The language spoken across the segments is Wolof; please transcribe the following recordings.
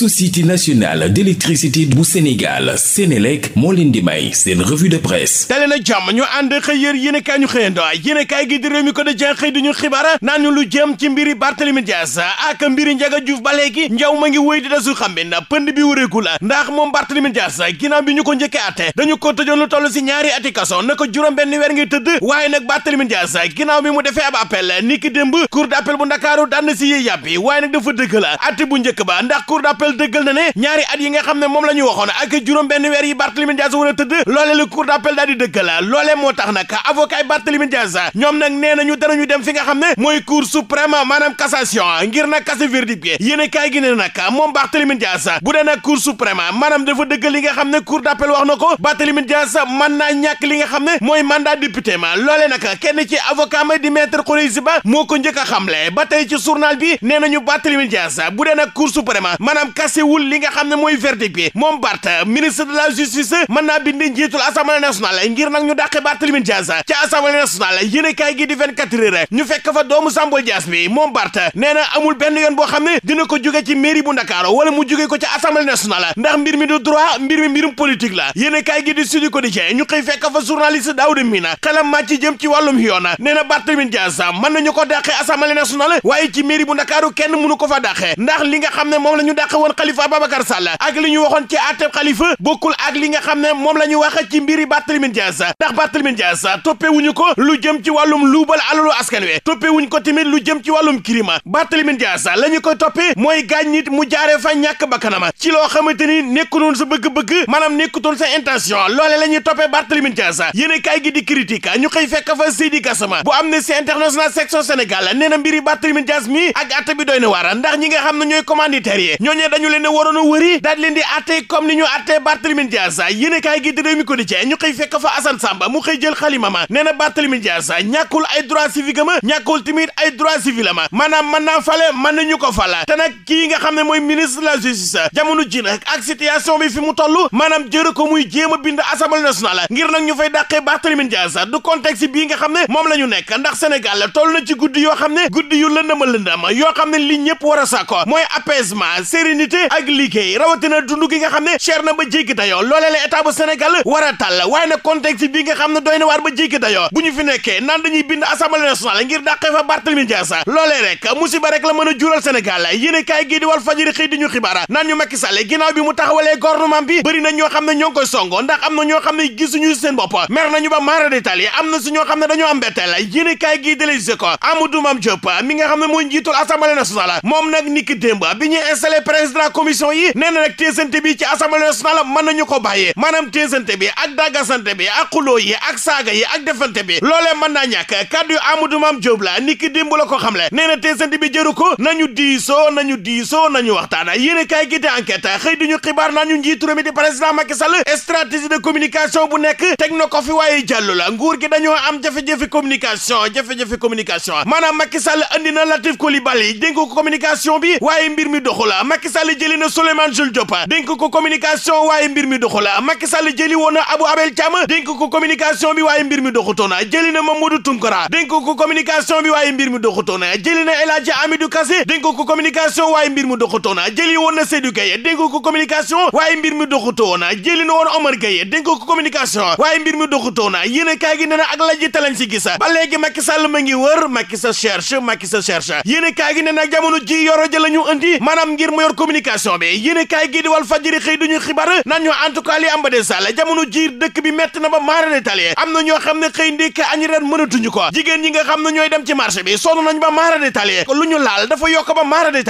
société nationale d'électricité bu Sénégal Sénélec moo leen di may seen de presse tali na jàmm ñu ànd xëy yér yéen ñu xëyando yéen kaay gi di réew mi ko de jen di ñu xibaar naan ñu lu jëm ci mbiri Barthélémy Dias ak mbiri Ndiaga Diouf ba njaw ma ngi wéy di dasu xambi na pënd bi wureeku la ndax moom Barthélémy Dias ginnaaw bi ñu ko njëkkee atte dañu ko tëjoon lu toll si ñaari ati kaso na juróom benn weer tëdd waaye nag Barthélémy tribunal dëggal na ne ñaari at yi nga xam ne moom la ñu waxoon ak juróom benn weer yi Barthélémy Dias war a moo tax nag avocat Barthélémy Dias ñoom nag nee nañu danañu dem fi nga xam ne mooy cour suprême maanaam cassation ngir nag kase verdict bi yéen a kaay gi ne nag moom Barthélémy Dias bu dee nag cour suprême maanaam dafa dëggal nga xam ne cour d'appel wax ko Barthélémy Dias mën naa ñàkk li nga xam ne mooy mandat député ma loolee nag kenn ci Ba moo a xamle ci journal bi nee nañu casséwul li nga xam ne mooy verdict bi moom Bart ministre de la justice mën naa bindi njiitul assemblée nationale ngir nag ñu dàqe Barthélémy Dias ci assemblée nationale yéene kaay gi di 24 heures ñu fekk fa doomu Sambol Dias bi moom Bart nee amul benn yoon boo ne dina ko jóge ci bu Ndakaaru wala mu jóge ko ci assemblée nationale ndax mbir du droit mbir mi mbirum la yéene kaay gi di Sud Quotidien ñu xëy fekk fa journaliste Daouda Mina na Barthélémy Dias moom la ñu woon Khalifa Ababacar Sall ak li ñu waxoon ci àtteb Khalifa bokkul ak li nga xam ne moom la ñu wax ci mbiri Barthélémy Dias ndax Barthélémy Dias toppewuñu ko lu jëm ci wàllum luubal alalu askan wi toppewuñ ko tamit lu jëm ci wàllum crime Barthélémy Dias la ñu koy toppee mooy gaañ nit mu jaaree fa ñàkk bakkanama ci loo xamante ni nekkutoon sa bëgg-bëgg maanaam nekkutoon sa intention loole la ñuy toppee Barthélémy Dias yéen kaay gi di critique ñu xëy fekk fa Seydi Gassama bu Amnesty International section Sénégal nee na mbiri Barthélémy Dias mi ak àtte bi doy na ndax ñi nga xam ne dañu leen a waroon a wëri daal leen di àtte comme ni ñu àtte Barthélemy Dias yéene kaay gi di Rewmi Quotidien ñu xëy fekk fa Assane Samba mu xëy jël xalima ma nee na ay droit civique ma ñàkkul tamit ay droit civil ma maanaam mën naa fale mën nañu ko fala te nag kii nga xam ne mooy ministre de la justice jamono ji na ak situation bi fi mu toll maanaam jëru ko muy jéem a bind assemblée nationale ngir nag ñu fay dàqee Barthélemy Dias du contexte bii nga xam ne moom la ñu nekk ndax Sénégal toll na ci guddi yoo xam ne guddi yu yoo xam ne li ñëpp war a sàkko mooy apaisement dignité a liggéey rawatina dund gi nga xam ne cher na ba jéggi dayoo loolee la état bu Sénégal war a tàll waaye nag contexte bi nga xam ne doy na waar ba jéggi dayoo bu ñu fi nekkee naan dañuy bind assemblée nationale ngir dàqee fa Barthélémy Dias loolee rek musiba rek la mën a jural Sénégal yéene kaay gii di wal fajiri xëy di ñu xibaar naan ñu Macky Sall ginnaaw bi mu taxawalee gouvernement bi bëri na ne ñoo ne gisuñu ne dañoo am mbetteel yéene ne mooy njiitul président commission yi nee na nag téesante bi ci assemblée nationale mën nañu ko bàyyee maanaam téesante bi ak daggasante bi ak xuloo yi ak saaga yi ak defante bi loolee mën naa ñàkk kàddu yu Amadou Mame Diop la ni ki démb la ko xamle nee na téesante bi jëru ko na nañu diisoo nañu diisoo nañu waxtaana yéene kaay gi di enquête xëy duñu xibaar na ñu njiitu réew mi di président Macky Sall stratégie de communication bu nekk teg na ko fi waaye jàllu la nguur gi dañoo am jafe-jafe communication jafe-jafe communication maanaam Macky Sall andi na Latif Coulibaly dénk ko communication bi waaye mbir mi doxu Sall jëli na Souleymane Jules Diop dénk ko communication waaye mbir mi doxu la Macky Sall jëli woon na Abou Abel Thiam dénk ko communication bi waaye mbir mi doxutoona jëli na Mamadou Tounkara dénk ko communication bi waaye mbir mi doxutoona jëli na El Hadji Amidou Kassé dénk ko communication waaye mbir mi doxutoona jëli woon na Seydou Gueye dénk ko communication waaye mbir mi doxutoona jëli na woon Omar Gueye dénk ko communication waaye mbir mi doxutoona yéen kaay gi nee na ak lajji talañ si gis ba léegi Macky Sall ma ngi wër Macky sa cherche Macky sa cherche yéen kaay gi nee na jamono ji yoro ja la ñu andi maanaam ngir mu yor communication bi yéen kaay gi bi metti na ba maarade tali am na ñoo xam ne xëy ndékki añ ñi nga xam ne ñooy dem ci marché bi sonn nañ ba maarade tali lu ñu laal dafa yokk ba maarade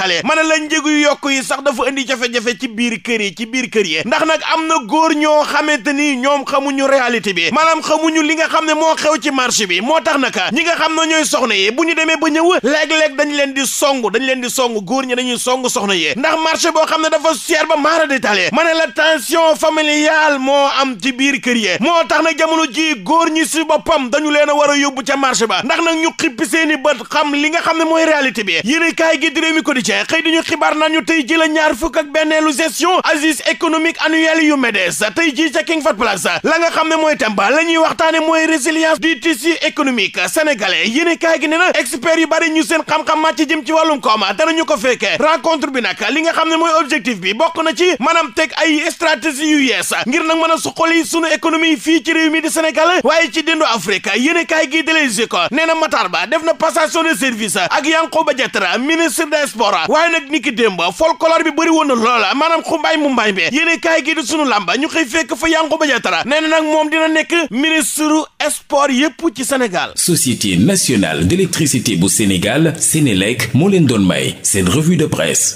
yi sax dafa indi jafe-jafe ci biir kër yi ci biir kër yi ndax nag am na góor ñoo xam te ni ñoom xamu ñu xamuñu réalité bi maanaam xamuñu li nga xam ne moo xew ci marché bi moo tax na nag ñi nga xam ne ñooy soxna yi bu ñu demee ba ñëw léeg-léeg dañ leen di song dañ leen di song góor ñi dañuy song soxna yi ndax marché boo xam ne dafa cher ba maara di tale ma ne la tension familiale moo am ci biir kër yi moo tax na jamono jii góor ñi si boppam dañu leen a war a yóbbu ca marché ba ndax nag ñu xippi seeni bët xam li nga xam ne mooy réalité bi yéen kaay gi di Rewmi Quotidien xëy di ñu xibaar naan ñu tey ji la ñaar fukk ak benneelu gestion assises économiques annuelles yu MEDES tey jii ca King Fahd la nga xam ne mooy temba la ñuy waxtaane mooy résilience du tissu économique sénégalais yéen gi ne na yu bari ñu seen xam-xam màcc jëm ci wàllum kooma danañu ko fekkee rencontre bi li nga xam ne mooy objectif bi bokk na ci maanaam teg ay stratégie yu yees ngir na mën a suqali sunu économie fii ci réew mi di Sénégal waaye ci déndu Afrique yéen kaay gi de Les nee na Matar Ba def na passation de service ak Yankhoba Diattara ministre des sports waaye nag niki démb folklore bi bëri woon na loola maanaam xumbaay mu mbaay bi yéen kaay gi di sunu làmba ñu xëy fekk fa Yankhoba Diattara nee na nag moom dina nekk ministre sport yépp ci Sénégal. Société nationale d'électricité bu Sénégal Sénélec moo leen doon may seen revue de presse.